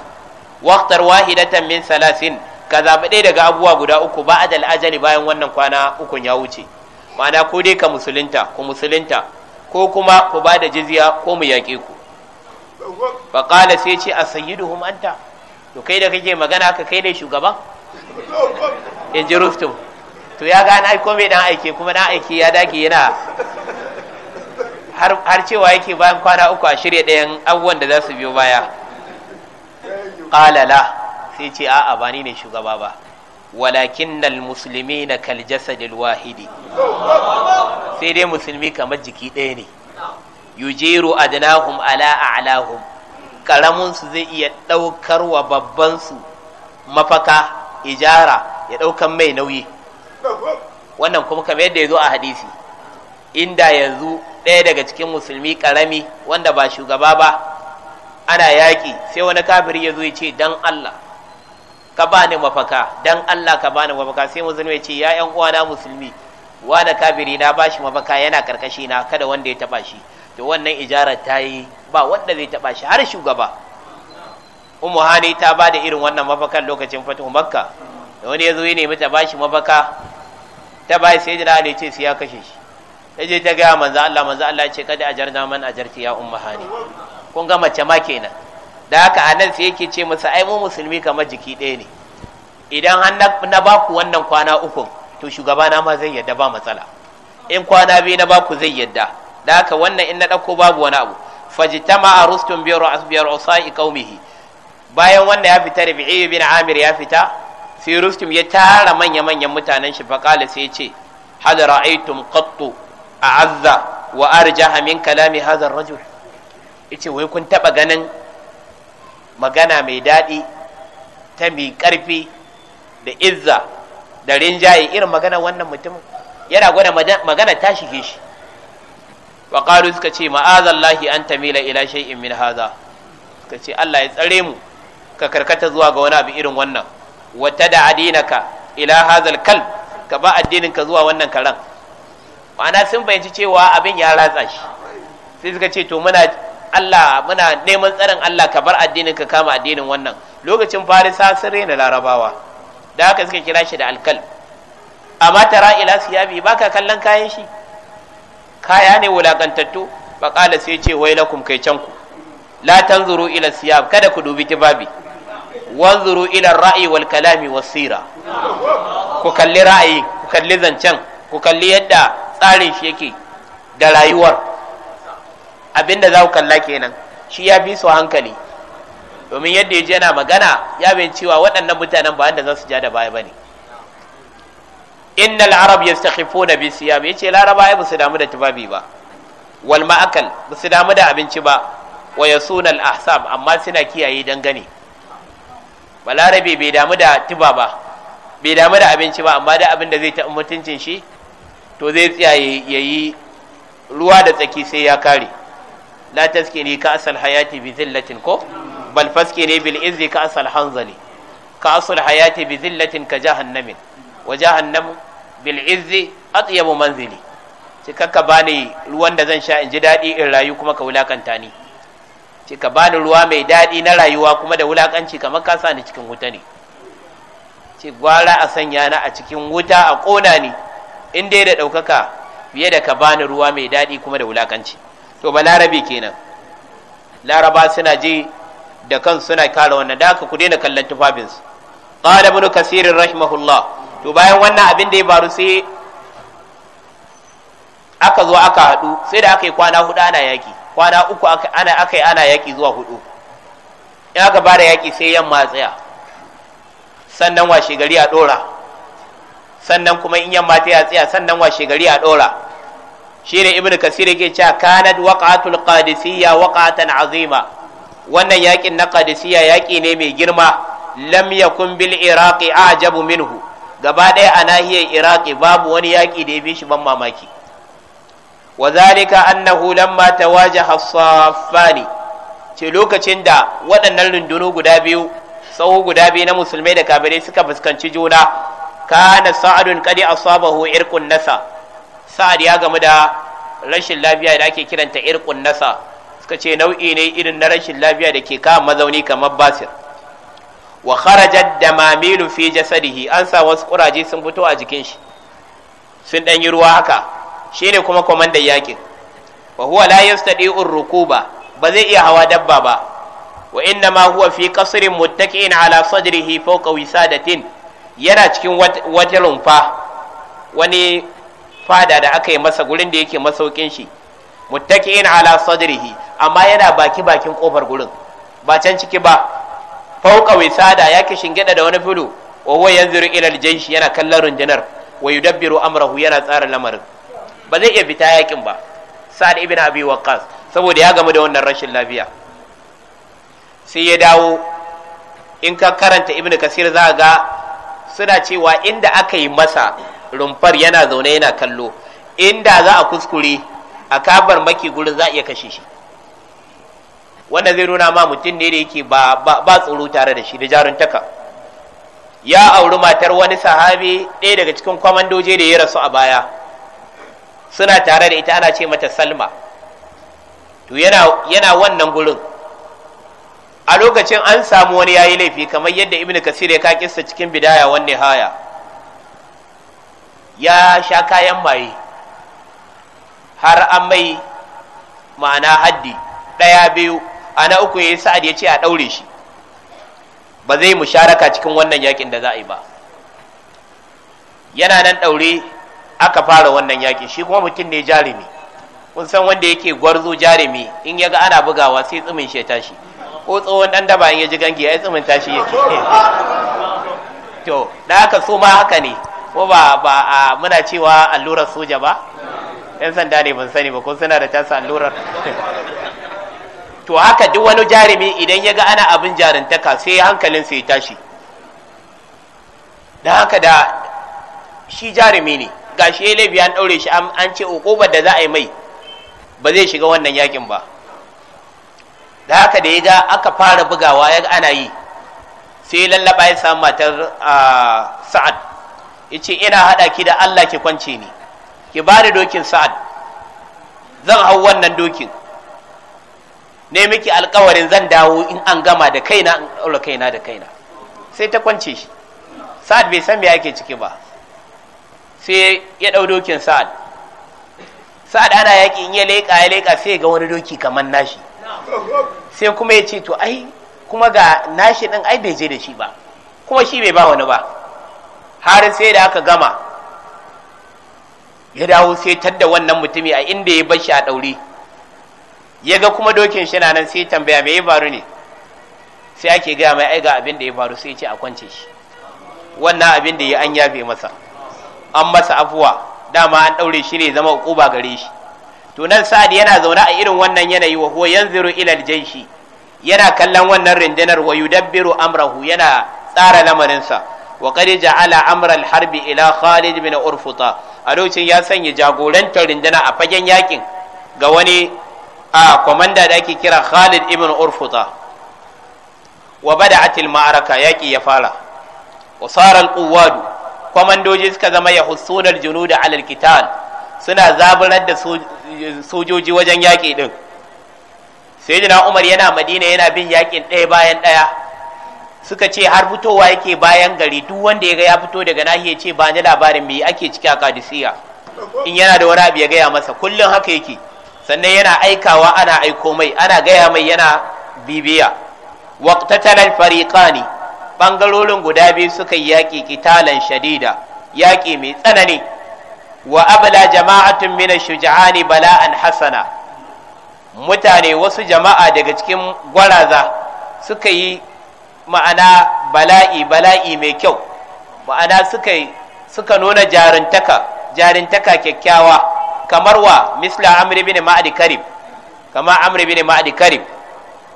waqtar wahidatan min salasin ka zaɓi ɗaya daga abubuwa guda uku ba adal ajali bayan wannan kwana uku ya wuce ma'ana ko dai ka musulunta ku musulunta ko kuma ku ba da jizya ko mu yaƙe ku ƙala sai ce a sayyiduhum anta to kai da kake magana ka kai ne shugaban in ji ruftum to ya gana aiko mai dan aike kuma dan aike ya dage yana har cewa yake bayan kwana uku a shirya ɗayan abubuwan da za su biyo baya ƙalala sai ce a'a ba ni ne shugaba ba walakin nal musulmi na kaljasadil wahidi sai dai musulmi kamar jiki ɗaya ne yujiru adnahum ala a'lahum karaminsu zai iya ɗaukar wa babbansu mafaka ijara ya ɗaukan mai nauyi wannan kuma kamar yadda ya zo a hadisi inda yanzu ɗaya daga cikin musulmi ƙarami wanda ba shugaba ba ana yaƙi sai wani kafiri ya zo ya ce dan Allah ka bani mafaka dan Allah ka bani mafaka sai musulmi ya ce ya yan uwana musulmi wa da kafiri na ba shi mafaka yana karkashi na kada wanda ya taba shi to wannan ijara ta yi ba wanda zai taba shi har shugaba umu hani ta ba da irin wannan mafakan lokacin fatuhu makka da wani ya zo ya nemi ta shi mafaka ta ba sai sayyidina ali ce sai ya kashe shi ta je ta gaya manzo Allah manzo Allah ce kada ajarna man ajarti ya ummu hani kun ga mace ma kenan da haka a nan sai yake ce masa ai mu musulmi kamar jiki ɗaya ne idan an na ba ku wannan kwana uku to shugabana ma zai yadda ba matsala in kwana biyu na baku zai yadda da haka wannan in na ɗauko babu wani abu fajitama a rustun biyar a usa'i kaumihi bayan wannan ya fita rabi'i bin amir ya fita sai rustum ya tara manya manyan mutanen shi faqala sai ya ce hal ra'aytum a a'azza wa arjaha min kalami hadha ar-rajul yace wai kun taba ganin magana mai daɗi ta mai ƙarfi da izza da rinjaye irin magana wannan mutumin yana gwada magana ta shige shi wa ƙaru suka ce ma'azallahi an tamila ila shay'in min haza suka ce Allah ya tsare mu ka karkata zuwa ga wani abu irin wannan Wata da adinaka ila hazal kal ka ba addinin ka zuwa wannan karan ma'ana sun bayyanci cewa abin ya ratsa shi sai suka ce to muna Allah muna neman tsarin Allah ka bar addinin ka kama addinin wannan lokacin farisa sun rena larabawa da haka suka kira shi da alkal amma tara ila siyabi baka kallon kayan shi kaya ne wulakantattu kala sai ce wai lakum kai can ku la tanzuru ila siyab kada ku dubi tibabi wanzuru ila ra'i wal kalami Wasira. ku kalli ra'ayi ku kalli zancen ku kalli yadda tsarin shi yake da rayuwar abin da za ku kalla kenan shi ya fi so hankali domin yadda ya ji yana magana ya bin cewa waɗannan mutanen ba wanda za su ja da baya ba ne. innal arab yastakhifuna bi siyam yace laraba ya su damu da tubabi ba wal ma'akal su damu da abinci ba wa yasuna al ahsab amma suna kiyaye dangane larabi bai damu da tuba ba bai damu da abinci ba amma da abin da zai ta mutuncin shi to zai tsaya yayi ruwa da tsaki sai ya kare la taskiri ka asal hayati bi zillatin ko bal faskiri bil izzi ka asal hanzali ka asal hayati bi zillatin ka jahannamin wa jahannamu bil izzi atyabu manzili Cika ka bani ruwan da zan sha in ji daɗi in rayu kuma ka wulakanta ni Cika ka bani ruwa mai daɗi na rayuwa kuma da wulakanci kamar ka sa ni cikin wuta ne ce gwara a sanya na a cikin wuta a ƙona ni in dai da ɗaukaka fiye da ka bani ruwa mai daɗi kuma da wulakanci to ba larabe kenan laraba suna ji da kan suna kare wannan da ku daina kallon tufafinsu qala ibn kasir rahimahullah to bayan wannan abin da ya faru sai aka zo aka haɗu sai da aka yi kwana hudu ana yaki kwana uku ana aka yi ana yaki zuwa hudu in aka fara yaki sai yamma tsaya sannan washe gari a ɗora sannan kuma in yamma ta ya tsaya sannan washe gari a ɗora shine ibn kasir yake cewa kanat waqatul qadisiyya waqatan azima wannan yakin na qadisiyya yaki ne mai girma lam yakun bil iraqi ajabu minhu gaba ɗaya a nahiyar Iraki babu wani yaki da ya bi shi ban mamaki wa zalika annahu lamma tawajaha saffani ce lokacin da waɗannan rundunu guda biyu tsawo guda biyu na musulmai da kabirai suka fuskanci juna kana sa'adun qad asabahu irqun nasa sa'ad ya gamu da rashin lafiya da ake kiranta irkun nasa suka ce nau'i ne irin na rashin lafiya da ke kama mazauni kamar basir wa da damamilu fi jasadihi an sa wasu kuraje sun fito a jikin shi sun dan yi ruwa haka shine kuma komandan yakin wa huwa la yastadi'ur rukuba ba zai iya hawa dabba ba wa inna ma huwa fi qasrin muttaki'in ala sadrihi fawqa wisadatin yana cikin wata rumfa wani fada da aka yi masa gurin da yake masaukin shi muttaki'in ala sadrihi amma yana baki bakin kofar gurin ba can ciki ba fauka wisada ya kishingida da wani fulu wa huwa yanzuru ila aljaysh yana kallon rundunar wa yudabbiru amrahu yana tsara lamarin ba zai iya fita yakin ba sa'ad ibn abi waqqas saboda ya gamu da wannan rashin lafiya sai ya dawo in ka karanta ibn kasir za ga suna cewa inda aka yi masa rumfar yana zaune yana kallo inda za a kuskure a kabar maki gurin za a iya kashe shi wanda zai nuna ma mutum ne da yake ba tsoro tare da shi da taka ya auri matar wani sahabi ɗaya daga cikin kwamandoje da ya rasu a baya suna tare da ita ana ce mata salma to yana wannan gurin a lokacin an samu wani yayi laifi kamar yadda ibnu kasir ya kakista cikin bidaya wanne haya. ya sha kayan maye har an mai ma'ana haddi ɗaya biyu ana uku ya yi sa'ad ya ce a ɗaure shi ba zai musharaka cikin wannan yakin da za a yi ba yana nan ɗaure aka fara wannan yakin shi kuma mutum ne jarumi kun san wanda yake gwarzo jarumi in ya ga ana bugawa sai tsimin shi ya tashi ko tsohon ɗan daba in ya ji gangi ya yi tsimin tashi yake to da aka so ma haka ne ko ba ba a muna cewa allurar soja ba yan sanda ne ban sani ba ko suna da tasa allurar to haka duk wani jarumi idan ya ga ana abin jarintaka sai hankalin sai tashi da haka da shi jarumi ne ga shi ya laifi an ɗaure shi an ce ukubar da za a yi mai ba zai shiga wannan yakin ba da haka da ya ga aka fara bugawa ya ana yi sai lallaba ya samu matar sa'ad yace ina haɗa ki da Allah ki kwance ni ki bani dokin sa'ad zan hau wannan dokin ne miki alkawarin zan dawo in an gama da kaina in ɗaura kaina da kaina sai ta kwance shi sa'ad bai san me yake ciki ba sai ya dau dokin sa'ad sa'ad ana yaki in ya leka ya leka sai ga wani doki kamar nashi sai kuma ya ce to ai kuma ga nashi ɗin ai bai je da shi ba kuma shi bai ba wani ba har sai da aka gama ya dawo sai tadda wannan mutumi a inda ya bashi a ɗauri ya ga kuma dokin shi na nan sai tambaya mai ya faru ne sai ake gaya mai aiga abin da ya faru sai ce a kwance shi wannan abin da ya an yafe masa an masa afuwa dama an ɗaure shi ne zama ƙuba gare shi to nan sa'ad yana zaune a irin wannan yanayi wa huwa yanziru ila aljaishi yana kallon wannan rindinar wa yudabbiru amrahu yana tsara lamarinsa wa qad ja'ala amra al ila Khalid bin Urfuta a lokacin ya sanya jagorantar rindana a fagen yakin ga wani a komanda da ake kira Khalid ibn Urfuta wa da Atil maaraka yaki ya fara wa Uwadu kwamandoji suka zama ya hussunar junud da alal qital suna zaburar da sojoji wajen yaki din sayyidina Umar yana Madina yana bin yakin ɗaya bayan ɗaya suka ce har fitowa yake bayan gari duk wanda ya ga ya fito daga nahiya ce ba ni labarin me ake ciki a kadisiya in yana da wani abu ya gaya masa kullum haka yake sannan yana aikawa ana aiko mai ana gaya mai yana bibiya waqtatal fariqani bangarorin guda biyu suka yi yaƙi kitalan shadida yaƙi mai tsanani wa abla jama'atun min shuja'ani bala'an hasana mutane wasu jama'a daga cikin gwaraza suka yi ma'ana bala'i bala'i mai kyau ma'ana suka suka nuna jarintaka jarintaka kyakkyawa kamar wa misla amri bin ma'adi karib kama amri bin ma'adi karib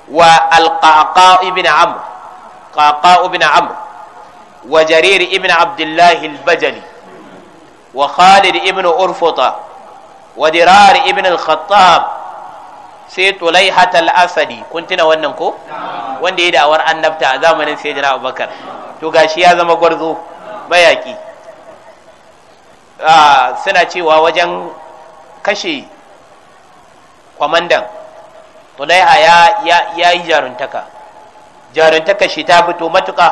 wa alqaqa ibn amr qaqa ibn amr wa jarir ibn abdullah al-bajali wa khalid ibn urfuta wa dirar ibn al-khattab sai tulai hatal asadi kun tuna wannan ko wanda ya da'awar annabta a zamanin sai jira abubakar to gashi ya zama gwarzo bayaki ah, suna cewa wajen kashe kwamandan tulaiha ya yi jaruntaka jaruntaka shi ta fito matuka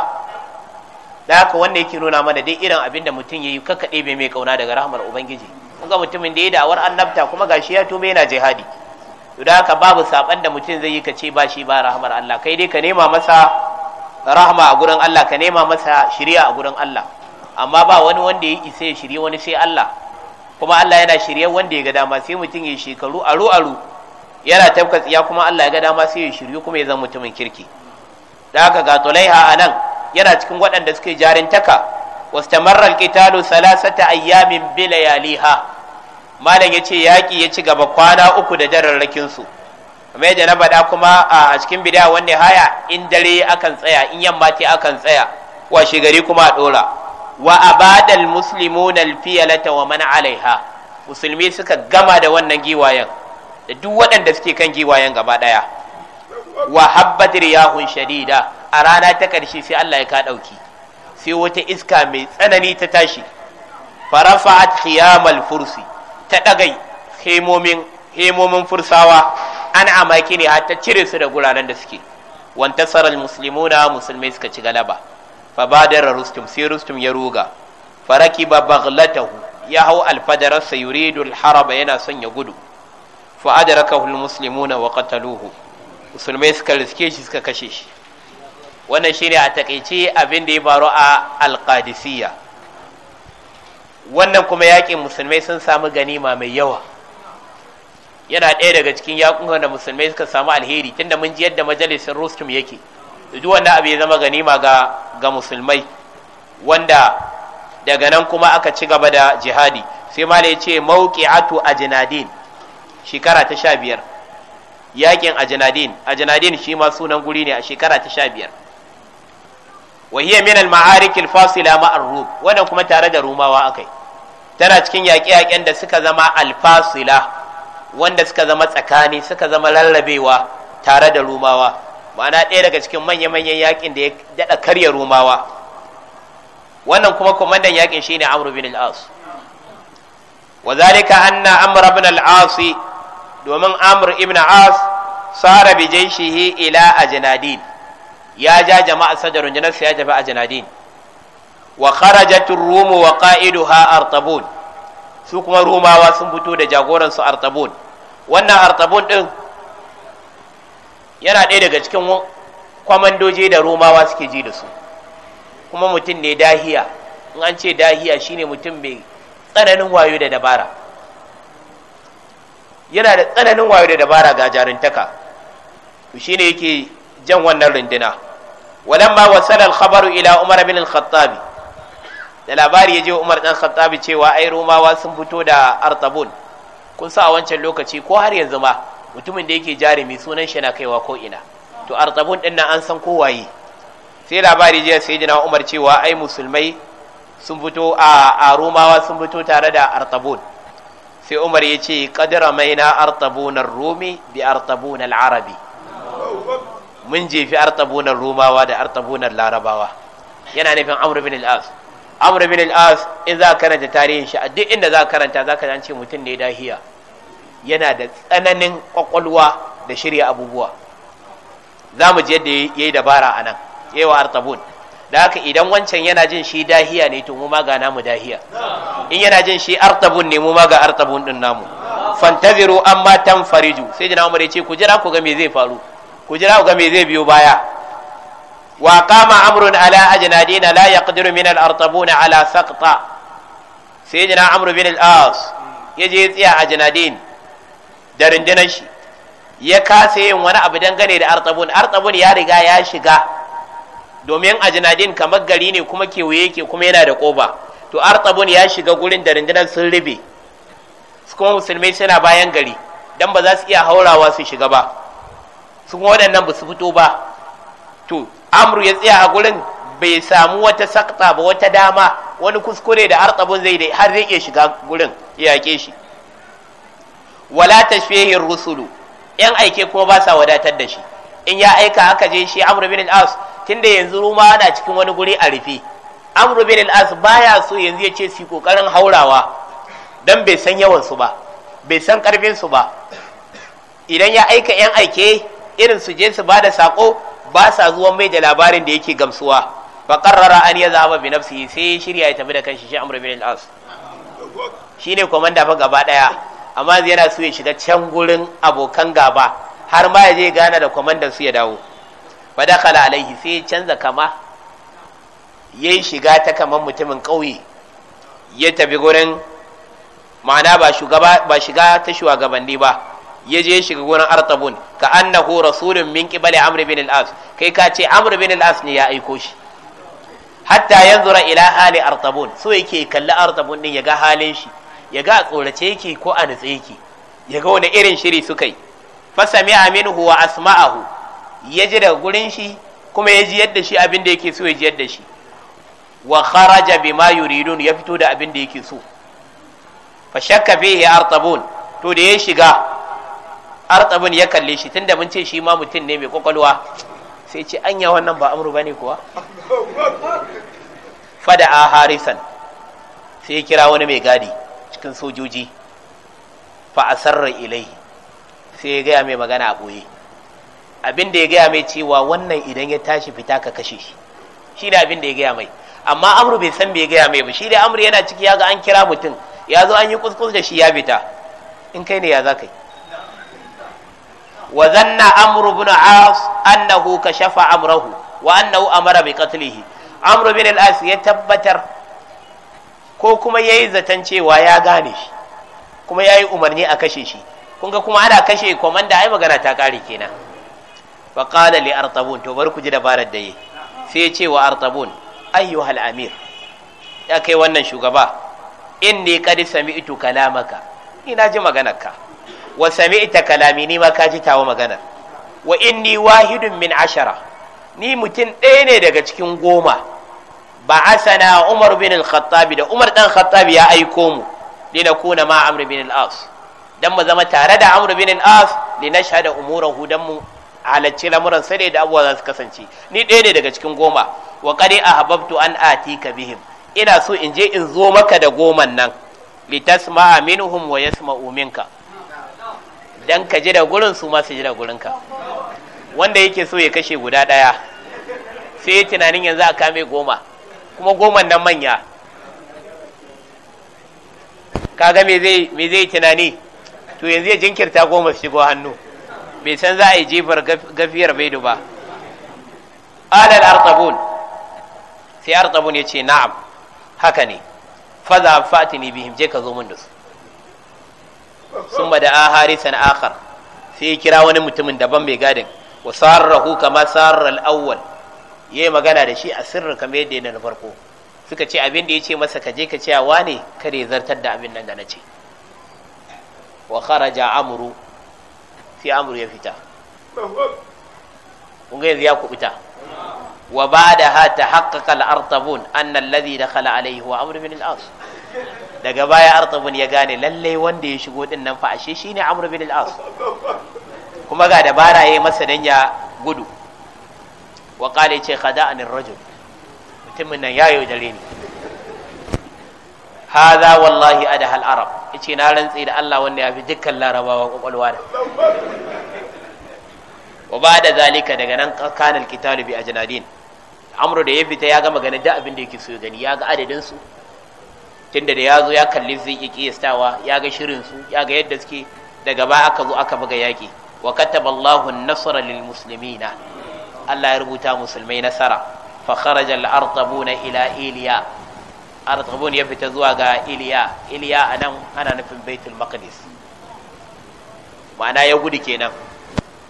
da haka wanda yake nuna mana dai irin abin da mutum ya yi kaka bai mai kauna daga rahmar ubangiji ga mutumin da ya da'awar annabta kuma gashi ya tuma yana jihadi to da haka babu saban da mutum zai yi ka ce ba shi ba rahmar Allah kai dai ka nema masa rahma a gurin Allah ka nema masa shiriya a gurin Allah amma ba wani wanda ya isa ya shirye wani sai Allah kuma Allah yana shirye wanda ya ga dama sai mutum ya shekaru aru aru yana tafka tsiya kuma Allah ya ga dama sai ya shirye kuma ya zama mutumin kirki da haka ga tulaiha a nan yana cikin waɗanda suke jarintaka marar alqitalu salasata ayyamin bilayaliha malam ce yaƙi ya ci gaba kwana uku da jararrakin su kamar yadda na faɗa kuma a cikin bid'a wanne haya in dare akan tsaya in yamma ce akan tsaya Wa shigari kuma a dora wa abadal muslimun alfiyalata wa man alaiha musulmi suka gama da wannan giwayen da duk waɗanda suke kan giwayen gaba ɗaya wa habbat riyahun shadida a rana ta ƙarshe sai Allah ya ka ɗauki sai wata iska mai tsanani ta tashi farafa'at al fursi ta ɗagai hemomin hemomin fursawa an amaki ne har ta cire su da guraren da suke wantasarar musulmuna musulmai suka ci galaba fa da rustum sai rustum ya ruga faraki ba baglatahu ya hau sa yuridu alharaba yana son ya gudu fa adrakahu almuslimuna wa qataluhu musulmai suka riske shi suka kashe shi wannan shine a takeice abin da ya faru a alqadisiyya wannan kuma yakin musulmai sun samu ganima mai yawa yana ɗaya daga cikin yakunan da musulmai suka samu alheri tunda mun ji yadda majalisar rustum yake duk wannan abu ya zama ganima ga ga musulmai wanda daga nan kuma aka ci gaba da jihadi sai ma ya ce mawqi'atu ajnadin shekara ta sha biyar yakin ajnadin ajnadin shi ma sunan guri ne a shekara ta sha biyar wa hiya min al-ma'arik al-fasila ma'a wannan kuma tare da rumawa akai tana cikin yaƙe-yaƙen da suka zama alfasila wanda suka zama tsakani suka zama lallabewa tare da rumawa ma'ana ɗaya daga cikin manya-manyan yaƙin da ya daɗa karya rumawa wannan kuma kwamandan yaƙin shine amr bin al-as wa zalika anna amr bin al-as domin amr ibn as sara bi jaishihi ila ajnadin ya ja jama'a sajarun da ya tafi a ajnadin wa kharajatur rumu wa qa'iduha artabun su kuma rumawa sun fito da jagoran su artabun wannan artabun din yana ɗaya daga cikin kwamandoji da rumawa suke ji da su kuma mutum ne dahiya in an ce dahiya shine mutum mai tsananin wayo da dabara yana da tsananin wayo da dabara ga jarintaka shine yake jan wannan runduna walamma wasala al-khabaru ila umar bin al-khattabi da labari ya je umar dan khattabi cewa ai romawa sun fito da artabun kun sa a wancan lokaci ko har yanzu ma mutumin da yake jarumi sunan shi na kaiwa ko ina to artabun din nan an san kowaye sai labari ya je sai umar cewa ai musulmai sun fito a a romawa sun fito tare da artabun sai umar ya ce kadira maina ar rumi bi al arabi mun jefi ar romawa da artabunar larabawa yana nufin amru bin al'as amr bin al-as in za ka karanta tarihin shi a duk inda za ka karanta za ka ji an ce mutum ne dahiya yana da tsananin kwakwalwa da shirya abubuwa za mu je da ya yi dabara a nan ya yi wa artabun da haka idan wancan yana jin shi dahiya ne to mu ma ga namu dahiya in yana jin shi artabun ne mu ma ga artabun din namu fantaziru amma tanfariju sai jina umar ya ce ku jira ku ga me zai faru ku jira ku ga me zai biyo baya wa qama amrun ala ajnadina la yaqdiru min al-artabuna ala saqta sayyidina amr bin al-as yaje tsaya a janadin da shi ya kasa yin wani abu dangane da artabun artabun ya riga ya shiga domin a kamar gari ne kuma kewaye ke kuma yana da koba to artabun ya shiga gurin da rundunar sun rube kuma musulmai suna bayan gari dan ba za su iya haurawa su shiga ba su waɗannan ba su fito ba to amru ya tsaya a gurin bai samu wata sakta ba wata dama wani kuskure da artabun zai dai har zai iya shiga gurin ya yake shi wala tashfihi rusulu yan aike kuma ba sa wadatar da shi in ya aika aka je shi amru bin al-as tunda yanzu ruma ana cikin wani guri a rufe amru bin al-as baya so yanzu ya ce su kokarin haurawa dan bai san yawan su ba bai san karfin su ba idan ya aika yan aike irin su je su bada sako ba sa zuwan mai da labarin da yake gamsuwa fa qarrara an yazhaba bi nafsihi sai shirya ya tafi da kanshi shi amr bin al-as shine komanda fa gaba daya amma yana so ya shiga can gurin abokan gaba har ma ya je gana da komandan su ya dawo fa dakhala alaihi sai ya canza kama yayi shiga ta kaman mutumin kauye ya tafi gurin ma'ana ba shugaba ba shiga ta shugabanni ba ya je shiga gurin artabun ka annahu rasulun min qibali amr bin al-as kai ka ce amr bin al-as ne ya aiko shi hatta yanzura ila hali artabun so yake kalli artabun din yaga halin shi ya ga tsorace yake ko a nutse yake ya wani irin shiri suka yi fa sami'a minhu wa asma'ahu ya ji daga gurin shi kuma ya ji yadda shi abin da yake so ya ji yadda shi wa kharaja bima yuridun ya fito da abin da yake so fa shakka fihi artabun to da ya shiga artabin ya kalle shi tunda mun ce shi ma mutum ne mai kwakwalwa sai ce anya wannan ba ba ne kuwa fada a harisan sai ya kira wani mai gadi cikin sojoji fa a sarra ilai sai ya gaya mai magana a ɓoye abin da ya gaya mai cewa wannan idan ya tashi fita ka kashe shi shi ne abin da ya gaya mai amma amuru bai san bai gaya mai ba shi ne amuru yana ciki ya ga an kira mutum ya zo an yi kuskus da shi ya fita in kai ne ya za ka yi wa zanna amr ibn as annahu kashafa amrahu wa annahu amara bi qatlihi amr ibn al-as ya tabbatar ko kuma yayi zaton cewa ya gane shi kuma yayi umarni a kashe shi kun ga kuma ana kashe komanda ai magana ta kare kenan fa qala li artabun to bari ku ji dabarar da yi sai ce wa artabun ayyuhal amir ya kai wannan shugaba inni qad sami'tu kalamaka ina ji maganarka wa sami'ta kalami ni ma ka ji tawo magana wa inni wahidun min ashara ni mutum ɗaya ne daga cikin goma ba asana umar bin al-khattabi da umar dan khattabi ya aiko mu linakuna ma amr bin al-as dan mu zama tare da amr bin al-as da umurahu dan mu halacci lamuran sai da abuwa za su kasance ni ɗaya ne daga cikin goma wa qad ahbabtu an atika bihim ina so in je in zo maka da goman nan litasma'a minhum wa yasma'u minka dan ka ji da gurin su masu ji da gurinka wanda yake so ya kashe guda daya sai ya tunanin yanzu a kame goma kuma goma nan manya kaga me zai me tunani to yanzu ya jinkirta goma su shigo hannu bai san za a yi jefar gafiyar baidu ba alal artabun sai artabun ya ce na'am haka ne faza fatini bihim je ka zo min da su sun da a harisan akhar sai ya kira wani mutumin daban mai gadin wa sarrahu kama sarrar auwal ya yi magana da shi a sirri kamar yadda na farko suka ce abin da ya ce masa kaje ka ce wa ne kare zartar da abin nan da na ce wa kharaja amru sai amru ya fita kun yanzu ya kubuta wa ba ha ta haƙaƙa al'artabun annan lazi da khala alaihi wa amru bin al'as daga baya artabun ya gane lallai wanda ya shigo din nan fa ashe shine amr bin al-as kuma ga dabara yayi masa dan ya gudu wa qala yace khada'ani ar-rajul mutumin nan yayo dare ni hadha wallahi adaha al-arab yace na rantsi da Allah wanda ya fi dukkan larabawa kokolwa da wa ba'da zalika daga nan kana al-kitalu bi ajnadin amru da ya fita ya ga magana da abin da yake so gani ya ga adadin su Tun da ya zo ya kalli zai iya kiyastawa ya ga shirin su ya ga yadda suke daga ba aka zo aka buga yaƙi wa kataba Allahu an-nasra lil muslimina Allah ya rubuta musulmai nasara fa kharaja al-arqabuna ila iliya arqabun ya fita zuwa ga iliya iliya anan ana nufin baitul maqdis ma'ana ya gudu kenan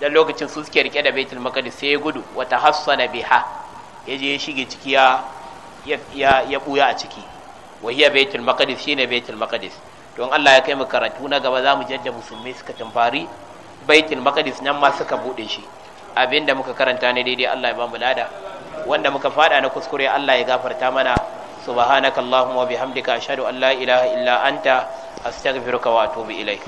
dan lokacin su suke rike da baitul maqdis sai ya gudu wa tahassana biha yaje ya shige ciki ya ya buya a ciki wa hiya makadis maqdis shine baitul makadis don Allah ya kai mu karatu na gaba zamu mu yadda musulmai suka tumfari baitul maqdis nan ma suka bude shi abinda muka karanta ne daidai Allah ya ba mu lada wanda muka fada na kuskure Allah ya gafarta mana subhanakallahumma wa bihamdika ashhadu an la ilaha illa anta astaghfiruka wa atubu ilaik